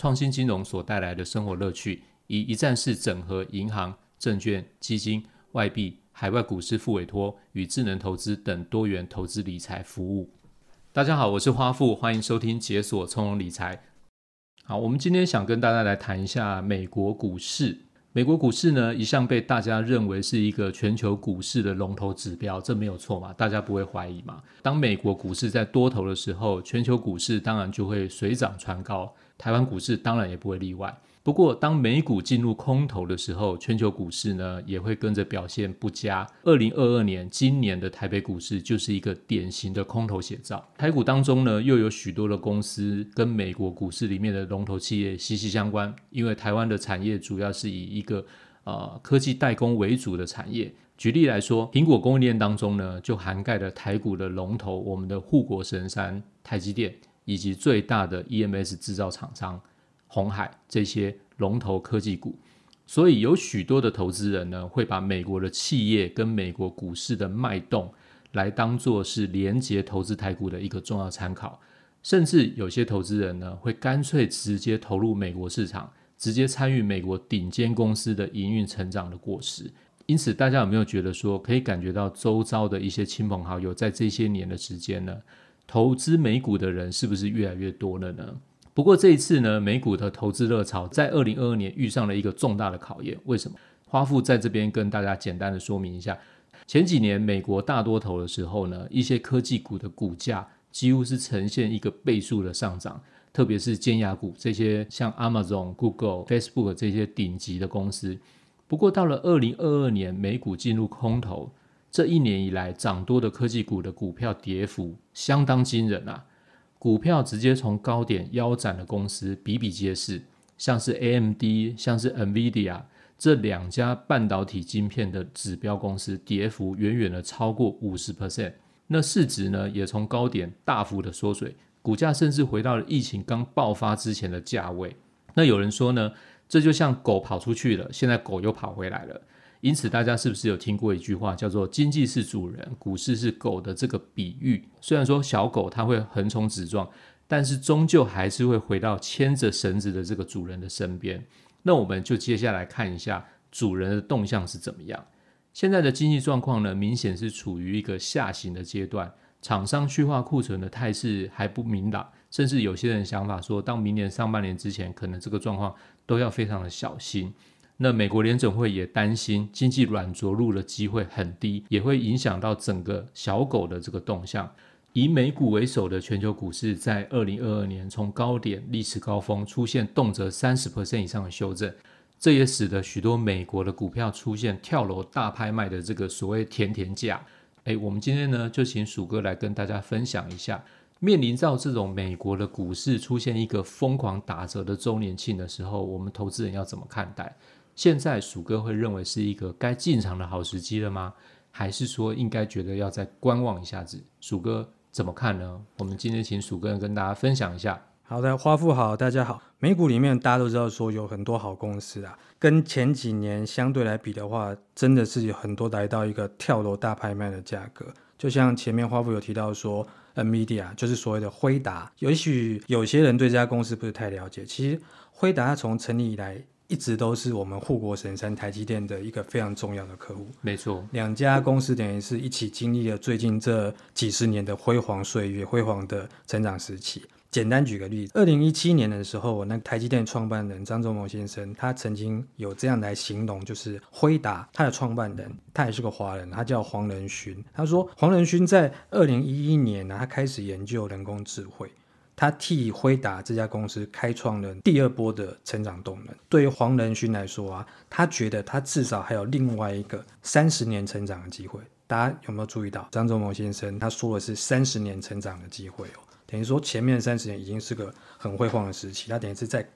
創新金融所帶來的生活樂趣，以一站式整合銀行、證券、基金、外幣、海外股市複委託與智能投資等多元投資理財服務。大家好，我是花富，歡迎收聽《解鎖從容理財》。好，我們今天想跟大家來談一下美國股市。美國股市呢，一向被大家認為是一個全球股市的龍頭指標，這沒有錯嘛，大家不會懷疑嘛。當美國股市在多頭的時候，全球股市當然就會水漲船高，台灣股市當然也不會例外。不過，當美股進入空頭的時候，全球股市呢也會跟着表現不佳。二零二二年，今年的台北股市就是一個典型的空頭寫照。台股當中呢，又有許多的公司跟美國股市裡面的龍頭企業息息相關，因為台灣的產業主要是以一個呃科技代工為主的產業。舉例來說，蘋果供應鏈當中呢，就涵蓋了台股的龍頭，我們的護國神山、台積電，以及最大的 EMS 製造廠商。紅海這些龍頭科技股，所以有許多的投資人呢，會把美國的企業跟美國股市的脈動，來當做是連接投資台股的一個重要參考。甚至有些投資人呢，會乾脆直接投入美國市場，直接參與美國頂尖公司的營運成長的果實。因此，大家有沒有覺得說，可以感覺到周遭的一些親朋好友，在這些年的時間呢，投資美股的人是不是越來越多了呢？不過這一次呢，美股的投資熱潮在二零二二年遇上了一個重大的考驗。為什麼？花富在這邊跟大家簡單的說明一下，前幾年美國大多頭的時候呢，一些科技股的股價幾乎是呈現一個倍數的上漲，特別是尖牙股這些像 Amazon、Google、Facebook 這些頂級的公司。不過到了二零二二年，美股進入空頭，這一年以來漲多的科技股的股票跌幅相當驚人啊。股票直接從高點腰斬的公司比比皆是，像是 AMD、像是 NVIDIA 這兩家半導體芯片的指標公司，跌幅遠遠的超過五十 percent，那市值呢也從高點大幅的縮水，股價甚至回到了疫情剛爆發之前的價位。那有人說呢，這就像狗跑出去了，現在狗又跑回來了。因此，大家是不是有聽過一句話，叫做“經濟是主人，股市是狗”的這個比喻？雖然說小狗它會橫衝直撞，但是終究還是會回到牽着繩子的這個主人的身邊。那我們就接下來看一下主人的動向是怎麼樣。現在的經濟狀況呢，明顯是處於一個下行的階段，廠商去化庫存的態勢還不明朗，甚至有些人想法說，到明年上半年之前，可能這個狀況都要非常的小心。那美國聯準會也擔心經濟軟着陸的機會很低，也會影響到整個小狗的這個動向。以美股為首的全球股市在二零二二年從高點歷史高峰出現動輒三十 percent 以上的修正，這也使得許多美國的股票出現跳樓大拍賣的這個所謂“甜甜價”欸。誒，我們今天呢就請鼠哥來跟大家分享一下，面臨到這種美國的股市出現一個瘋狂打折的周年慶的時候，我們投資人要怎麼看待？現在鼠哥會認為是一個該進場的好時機了嗎？還是說應該覺得要再觀望一下子？鼠哥怎麼看呢？我們今天請鼠哥跟大家分享一下。好的，花富好，大家好。美股裡面大家都知道說有很多好公司啊，跟前幾年相對來比的話，真的是有很多來到一個跳樓大拍賣的價格。就像前面花富有提到說，NVIDIA，就是所謂的輝達。也許有些人對這家公司不是太了解，其實輝達從成立以來。一直都是我們護國神山台積電的一個非常重要的客戶，沒錯。兩家公司等於是一起經歷了最近這幾十年的輝煌歲月、輝煌的成長時期。簡單舉個例子，二零一七年的時候，我那個台積電創辦人張忠謀先生，他曾經有這樣來形容，就是輝達他的創辦人，他也是個華人，他叫黃仁勳。他說，黃仁勳在二零一一年呢，他開始研究人工智慧。他替輝達這家公司開創了第二波的成長動能。對於黃仁勳來說啊，他覺得他至少還有另外一個三十年成長的機會。大家有沒有注意到張忠謀先生他說的是三十年成長的機會哦？等於說前面三十年已經是個很輝煌的時期，他等於是在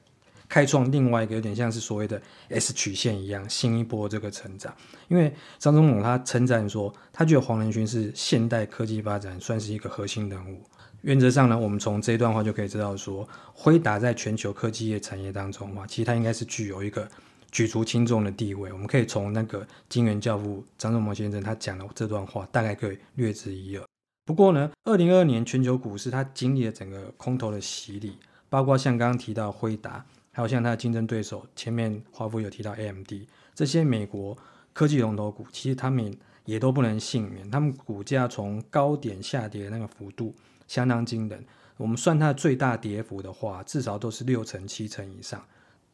開創另外一個有點像是所謂的 S 曲線一樣新一波這個成長。因為張忠謀他稱讚說，他覺得黃仁勳是現代科技發展算是一個核心人物。原則上呢，我們從這一段話就可以知道說，輝達在全球科技業產業當中其實它應該是具有一個舉足輕重的地位。我們可以從那個晶圓教父張忠謀先生他講的這段話，大概可以略知一二。不過呢，二零二二年全球股市它經歷了整個空頭的洗禮，包括像剛剛提到輝達，還有像它的競爭對手，前面華富有提到 AMD 這些美國科技龍頭股，其實他們也都不能幸免，他們股價從高點下跌的那個幅度相當驚人。我們算它的最大跌幅的話，至少都是六成、七成以上。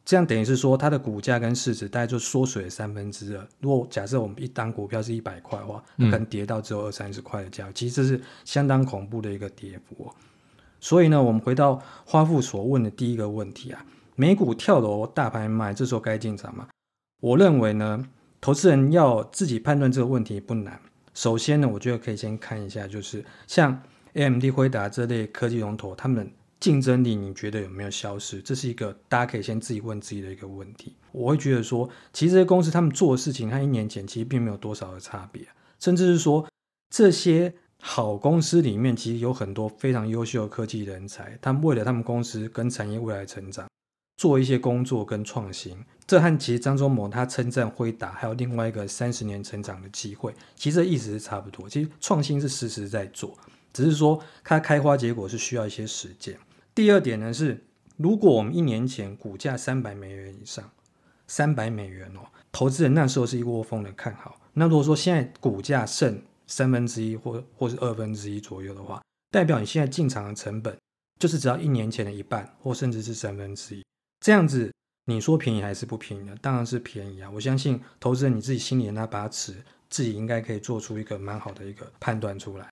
這樣等於是說，它的股價跟市值大概就縮水三分之二。如果假設我們一檔股票是一百塊的話，可能跌到只有二三十塊的價位。嗯、其實這是相當恐怖的一個跌幅、喔。所以呢，我們回到花富所問的第一個問題啊：美股跳樓、大拍賣，這時候該進場嗎？我認為呢，投資人要自己判斷這個問題不難。首先呢，我覺得可以先看一下，就是像。AMD 輝達這類科技龍頭，他們競爭力，你覺得有沒有消失？這是一個大家可以先自己問自己的一個問題。我會覺得說，其實這些公司他們做的事情，和一年前其實並沒有多少的差別，甚至是說，這些好公司裡面，其實有很多非常優秀的科技人才，他們為了他們公司跟產業未來成長，做一些工作跟創新。這和其實張忠謀他稱讚輝達還有另外一個三十年成長的機會，其實意思是差不多。其實創新是實實在在做。只是說它開花結果是需要一些時間。第二點呢是，如果我們一年前股價三百美元以上，三百美元哦，投資人那時候是一窩蜂的看好。那如果說現在股價剩三分之一或或是二分之一左右的話，代表你現在進場的成本就是只要一年前的一半或甚至是三分之一。這樣子，你說便宜還是不便宜呢？當然是便宜啊！我相信投資人你自己心裡的那把尺，自己應該可以做出一個蠻好的一個判斷出來。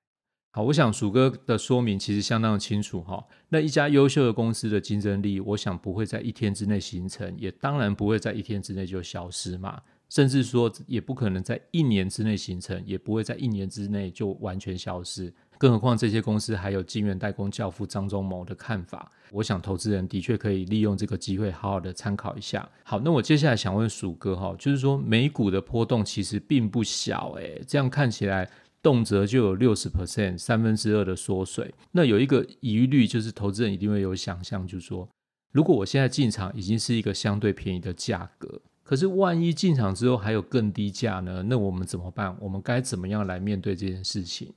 好，我想鼠哥的說明其實相當的清楚哈、哦。那一家優秀的公司的競爭力，我想不會在一天之內形成，也當然不會在一天之內就消失嘛。甚至說，也不可能在一年之內形成，也不會在一年之內就完全消失。更何況這些公司還有晶圓代工教父張忠謀的看法，我想投資人的確可以利用這個機會好好的參考一下。好，那我接下來想問鼠哥哈、哦，就是說美股的波動其實並不小哎、欸，這樣看起來。動輒就有六十 percent，三分之二的縮水。那有一個疑慮，就是投資人一定會有想象，就是說，如果我現在進場，已經是一個相對便宜的價格，可是萬一進場之後還有更低價呢？那我們怎麼辦？我們該怎麼樣來面對這件事情？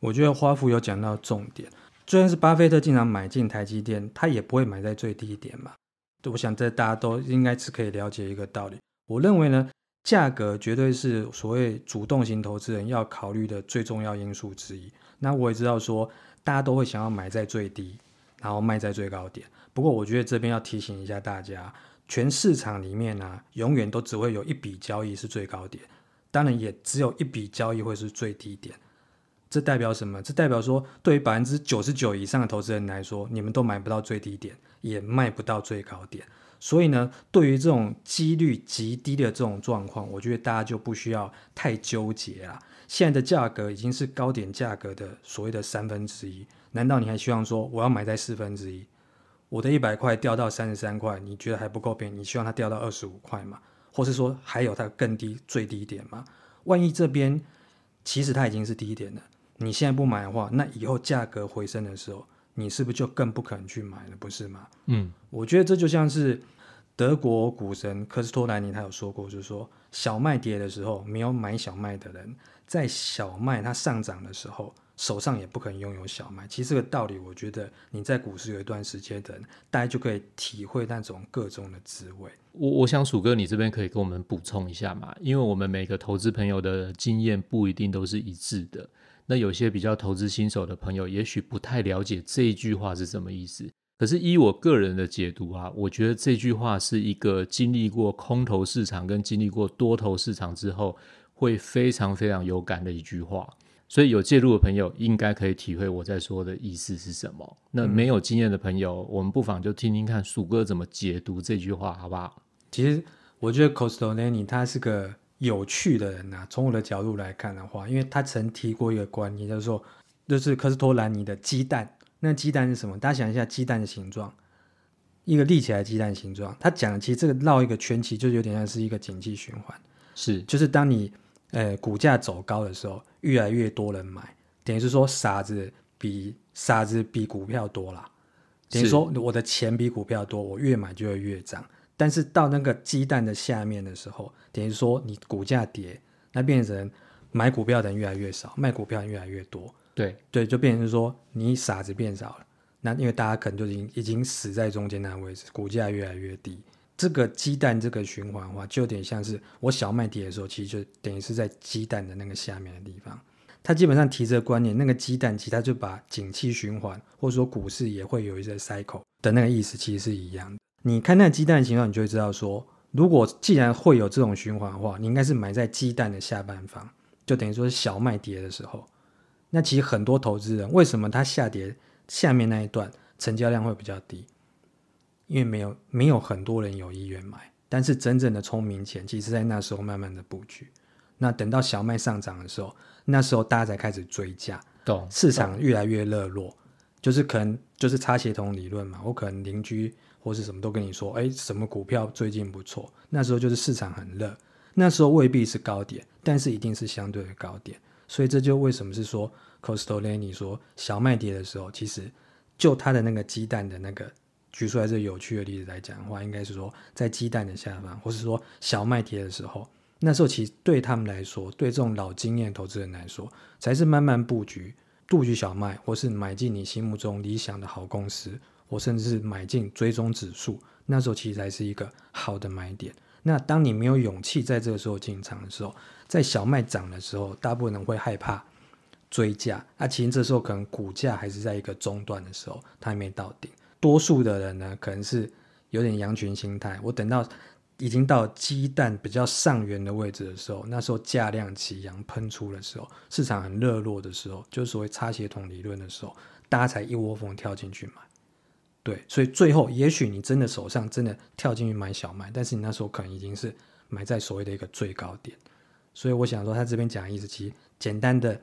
我覺得花傅有講到重點，就算是巴菲特進場買進台積電，他也不會買在最低點嘛。對，我想這大家都應該是可以了解一個道理。我認為呢。價格絕對是所謂主動型投資人要考慮的最重要因素之一。那我也知道說，大家都會想要買在最低，然後賣在最高點。不過，我覺得這邊要提醒一下大家，全市場裡面呢、啊，永遠都只會有一筆交易是最高點，當然也只有一筆交易會是最低點。這代表什麼？這代表說對99，對於百分之九十九以上的投資人來說，你們都買不到最低點，也賣不到最高點。所以呢，對於這種幾率極低的這種狀況，我覺得大家就不需要太糾結了、啊。現在的價格已經是高點價格的所謂的三分之一，3，難道你還希望說我要買在四分之一？4？我的一百塊掉到三十三塊，你覺得還不夠便宜？你希望它掉到二十五塊嗎？或是說還有它更低最低點嗎？萬一這邊其實它已經是低點了，你現在不買的話，那以後價格回升的時候。你是不是就更不可能去買了，不是嗎？嗯，我覺得這就像是德國股神科斯托蘭尼他有說過，就是說小麥跌的時候沒有買小麥的人，在小麥它上漲的時候手上也不可能擁有小麥。其實這個道理，我覺得你在股市有一段時間的人，大家就可以體會那種各種的滋味。我我想，鼠哥你這邊可以跟我們補充一下嘛？因為我們每個投資朋友的經驗不一定都是一致的。那有些比較投資新手的朋友，也許不太了解這一句話是什麼意思。可是依我個人的解讀啊，我覺得這句話是一個經歷過空頭市場跟經歷過多頭市場之後，會非常非常有感的一句話。所以有介入的朋友，應該可以體會我在說的意思是什麼。那沒有經驗的朋友，嗯、我們不妨就聽聽看鼠哥怎麼解讀這句話，好不好？其實我覺得 Kostolany 他是個，有趣的人吶、啊，從我的角度來看的話，因為他曾提過一個觀念，就是說，就是科斯托蘭尼的雞蛋。那雞蛋是什麼？大家想一下，雞蛋的形狀，一個立起來雞蛋的形狀。他講的其實這個繞一個圈，其實就有點像是一個經濟循環。是，就是當你，呃，股價走高的時候，越來越多人買，等於是說傻子比傻子比股票多啦，等於說我的錢比股票多，是我越買就會越漲。但是到那個雞蛋的下面的時候，等於說你股價跌，那變成買股票的人越來越少，賣股票的人越來越多。對對，就變成說你傻子變少了。那因為大家可能就已經已經死在中間那個位置，股價越來越低。這個雞蛋這個循環的話，就有點像是我小麥跌的時候，其實就等於是在雞蛋的那個下面的地方。他基本上提這個觀念，那個雞蛋其實他就把景氣循環或者說股市也會有一些 cycle 的那個意思，其實是一樣的。你看那雞蛋的情況，你就會知道說，如果既然會有這種循環的話，你應該是買在雞蛋的下半方，就等於說是小麥跌的時候。那其實很多投資人為什麼他下跌下面那一段成交量會比較低？因為沒有沒有很多人有意願買，但是真正的聰明錢其實在那時候慢慢的布局。那等到小麥上漲的時候，那時候大家才開始追價，對市場越來越熱絡，對就是可能就是差協同理論嘛，我可能鄰居。或是什麼都跟你說，哎，什麼股票最近不錯？那時候就是市場很熱，那時候未必是高點，但是一定是相對的高點。所以這就為什麼是說，科斯托蘭尼說小麥跌的時候，其實就他的那個雞蛋的那個舉出來這個有趣的例子來講的話，應該是說在雞蛋的下方，或是說小麥跌的時候，那時候其實對他們來說，對這種老經驗投資人來說，才是慢慢布局，布局小麥，或是買進你心目中理想的好公司。我甚至是買進追蹤指數，那時候其實才是一個好的買點。那當你沒有勇氣在這個時候進場的時候，在小麥漲的時候，大部分人會害怕追價。那、啊、其實這時候可能股價還是在一個中段的時候，它還沒到頂。多數的人呢，可能是有點羊群心態。我等到已經到雞蛋比較上緣的位置的時候，那時候價量齊揚，噴出的時候，市場很熱絡的時候，就是所謂擦鞋童理論的時候，大家才一窩蜂跳進去買。對，所以最後，也許你真的手上真的跳進去買小麥，但是你那時候可能已經是買在所謂的一個最高點。所以我想說，他這邊講的意思，其實簡單的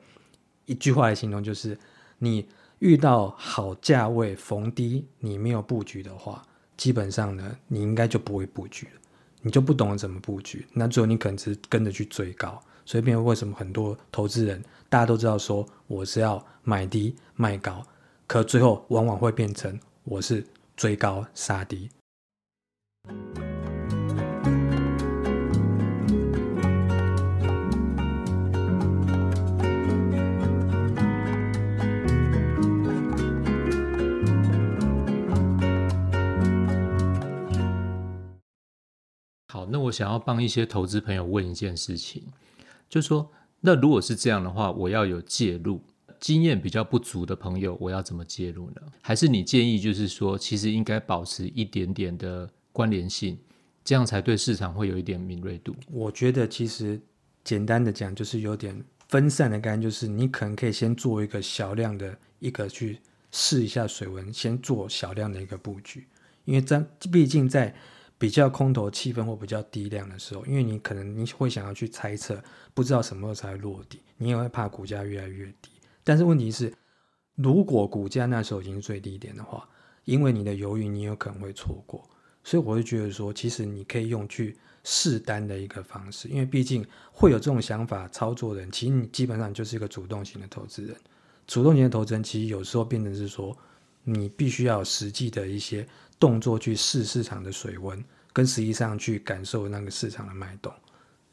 一句話來形容，就是你遇到好價位逢低你沒有布局的話，基本上呢，你應該就不會布局了，你就不懂得怎麼布局。那最後你可能只是跟着去追高，所以變為什麼很多投資人大家都知道說，我是要買低賣高，可最後往往會變成。我是追高殺低。好，那我想要幫一些投資朋友問一件事情，就是說，那如果是這樣的話，我要有介入。經驗比較不足的朋友，我要怎麼介入呢？還是你建議就是說，其實應該保持一點點的關聯性，這樣才對市場會有一點敏銳度。我覺得其實簡單的講，就是有點分散的概念，就是你可能可以先做一個小量的一個去試一下水溫，先做小量的一個佈局。因為在畢竟在比較空頭氣氛或比較低量的時候，因為你可能你會想要去猜測，不知道什麼時候才會落地，你也會怕股價越來越低。但是問題是，如果股價那時候已經是最低點的話，因為你的猶豫，你有可能會錯過。所以我就覺得說，其實你可以用去試單的一個方式，因為畢竟會有這種想法操作的人，其實你基本上就是一個主動型的投資人。主動型的投資人，其實有時候變成是說，你必須要實際的一些動作去試市場的水溫，跟實際上去感受那個市場的脈動。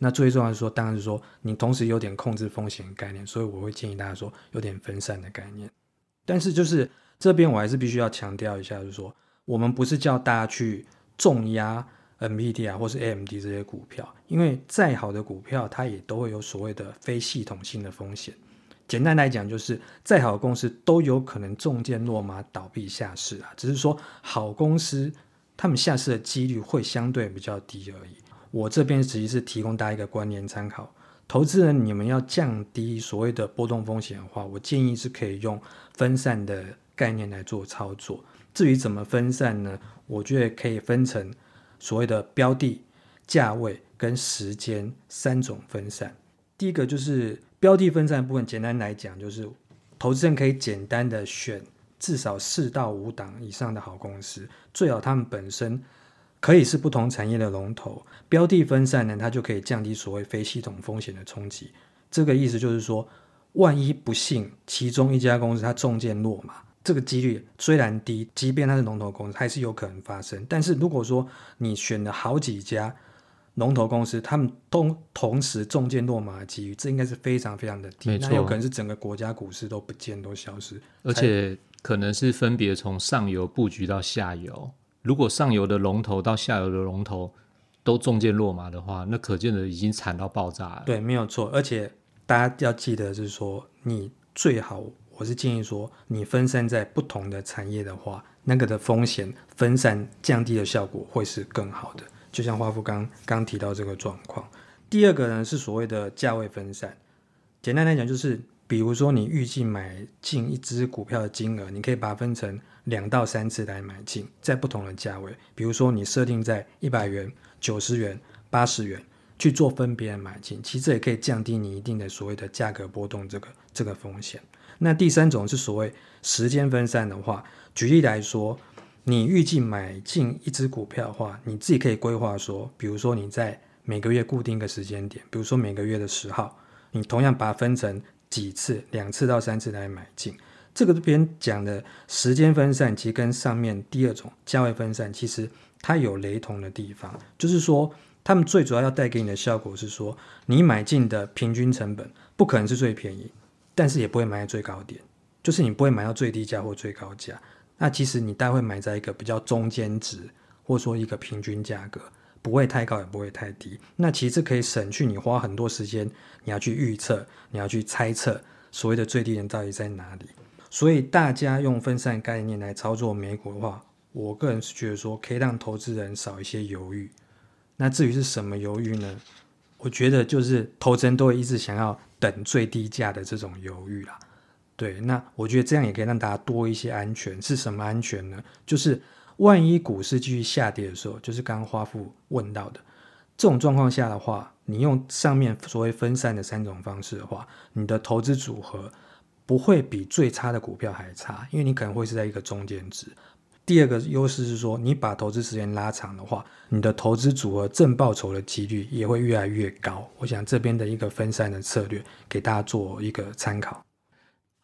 那最重要的是說，當然是說你同時有點控制風險的概念，所以我會建議大家說有點分散的概念。但是就是這邊我還是必須要強調一下，就是說我們不是叫大家去重壓 NVIDIA 或是 AMD 這些股票，因為再好的股票它也都會有所謂的非系統性的風險。簡單來講，就是再好的公司都有可能中箭落馬、倒閉下市啊，只是說好公司他們下市的幾率會相對比較低而已。我這邊實際是提供大家一個觀念參考，投資人你們要降低所謂的波動風險的話，我建議是可以用分散的概念來做操作。至於怎麼分散呢？我覺得可以分成所謂的標的、價位跟時間三種分散。第一個就是標的分散的部分，簡單來講就是投資人可以簡單的選至少四到五檔以上的好公司，最好他們本身。可以是不同產業的龍頭標的分散呢，它就可以降低所謂非系統風險的衝擊。這個意思就是說，萬一不幸其中一家公司它中箭落馬，這個幾率雖然低，即便它是龍頭公司，還是有可能發生。但是如果說你選了好幾家龍頭公司，他們都同,同時中箭落馬的幾率，這應該是非常非常的低。沒錯。那有可能是整個國家股市都不見都消失，而且才可能是分別從上游布局到下游。如果上游的龍頭到下游的龍頭都中箭落馬的話，那可見的已經慘到爆炸了。對，沒有錯。而且大家要記得，就是說，你最好，我是建議說，你分散在不同的產業的話，那個的風險分散降低的效果會是更好的。就像華富剛剛提到這個狀況。第二個呢，是所謂的價位分散，簡單來講就是。比如說，你預計買進一支股票的金額，你可以把它分成兩到三次來買進，在不同的價位。比如說，你設定在一百元、九十元、八十元去做分別買進，其實也可以降低你一定的所謂的價格波動這個這個風險。那第三種是所謂時間分散的話，舉例來說，你預計買進一支股票的話，你自己可以規劃說，比如說你在每個月固定一個時間點，比如說每個月的十號，你同樣把它分成。幾次兩次到三次來買進，這個這邊講的時間分散，其實跟上面第二種價位分散，其實它有雷同的地方，就是說，他們最主要要帶給你的效果是說，你買進的平均成本不可能是最便宜，但是也不會買在最高點，就是你不會買到最低價或最高價，那其實你大概會買在一個比較中間值，或者說一個平均價格。不會太高，也不會太低。那其實可以省去你花很多時間，你要去預測，你要去猜測所謂的最低點到底在哪裡。所以大家用分散概念來操作美股的話，我個人是覺得說可以讓投資人少一些猶豫。那至於是什麼猶豫呢？我覺得就是投資人都會一直想要等最低價的這種猶豫啦。對，那我覺得這樣也可以讓大家多一些安全。是什麼安全呢？就是萬一股市繼續下跌的時候，就是剛剛花富問到的這種狀況下的話，你用上面所謂分散的三種方式的話，你的投資組合不會比最差的股票還差，因為你可能會是在一個中間值。第二個優勢是說，你把投資時間拉長的話，你的投資組合正報酬的幾率也會越來越高。我想這邊的一個分散的策略給大家做一個參考。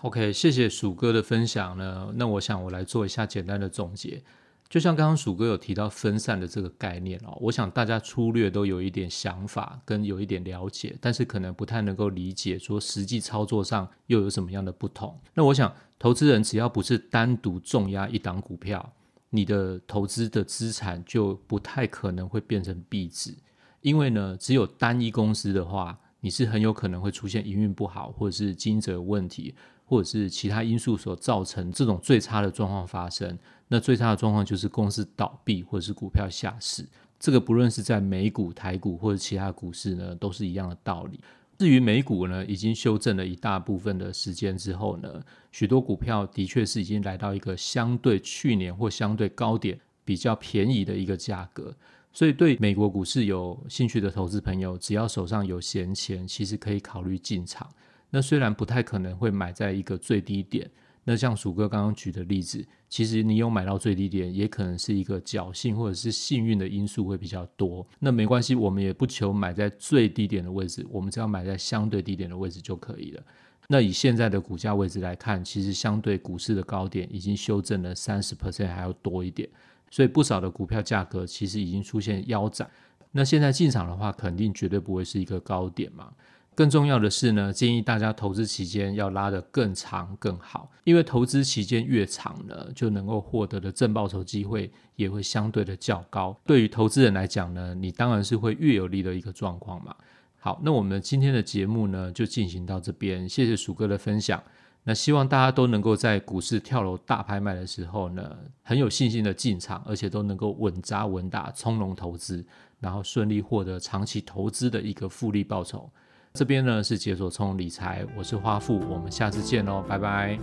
OK，謝謝鼠哥的分享呢。那我想我來做一下簡單的總結。就像剛剛鼠哥有提到分散的這個概念哦，我想大家粗略都有一點想法跟有一點了解，但是可能不太能夠理解說實際操作上又有什麼樣的不同。那我想，投資人只要不是單獨重壓一檔股票，你的投資的資產就不太可能會變成壁紙，因為呢，只有單一公司的話，你是很有可能會出現營運不好，或者是經營者問題，或者是其他因素所造成這種最差的狀況發生。那最差的狀況就是公司倒閉或是股票下市，這個不論是在美股、台股或者其他股市呢，都是一樣的道理。至於美股呢，已經修正了一大部分的時間之後呢，許多股票的確是已經來到一個相對去年或相對高點比較便宜的一個價格，所以對美國股市有興趣的投資朋友，只要手上有閒錢，其實可以考慮進場。那雖然不太可能會買在一個最低點。那像鼠哥剛剛舉的例子，其實你有買到最低點，也可能是一個僥倖或者是幸運的因素會比較多。那沒關係，我們也不求買在最低點的位置，我們只要買在相對低點的位置就可以了。那以現在的股價位置來看，其實相對股市的高點已經修正了三十 percent 還要多一點，所以不少的股票價格其實已經出現腰斬。那現在進場的話，肯定絕對不會是一個高點嘛。更重要的是呢，建議大家投資期間要拉得更長更好，因為投資期間越長呢，就能夠獲得的正報酬機會也會相對的較高。對於投資人來講呢，你當然是會越有利的一個狀況嘛。好，那我們今天的節目呢就進行到這邊，謝謝鼠哥的分享。那希望大家都能夠在股市跳樓大拍賣的時候呢，很有信心的進場，而且都能夠穩紮穩打，從容投資，然後順利獲得長期投資的一個複利報酬。這邊呢是解鎖充理財，我是花富，我們下次見哦，拜拜。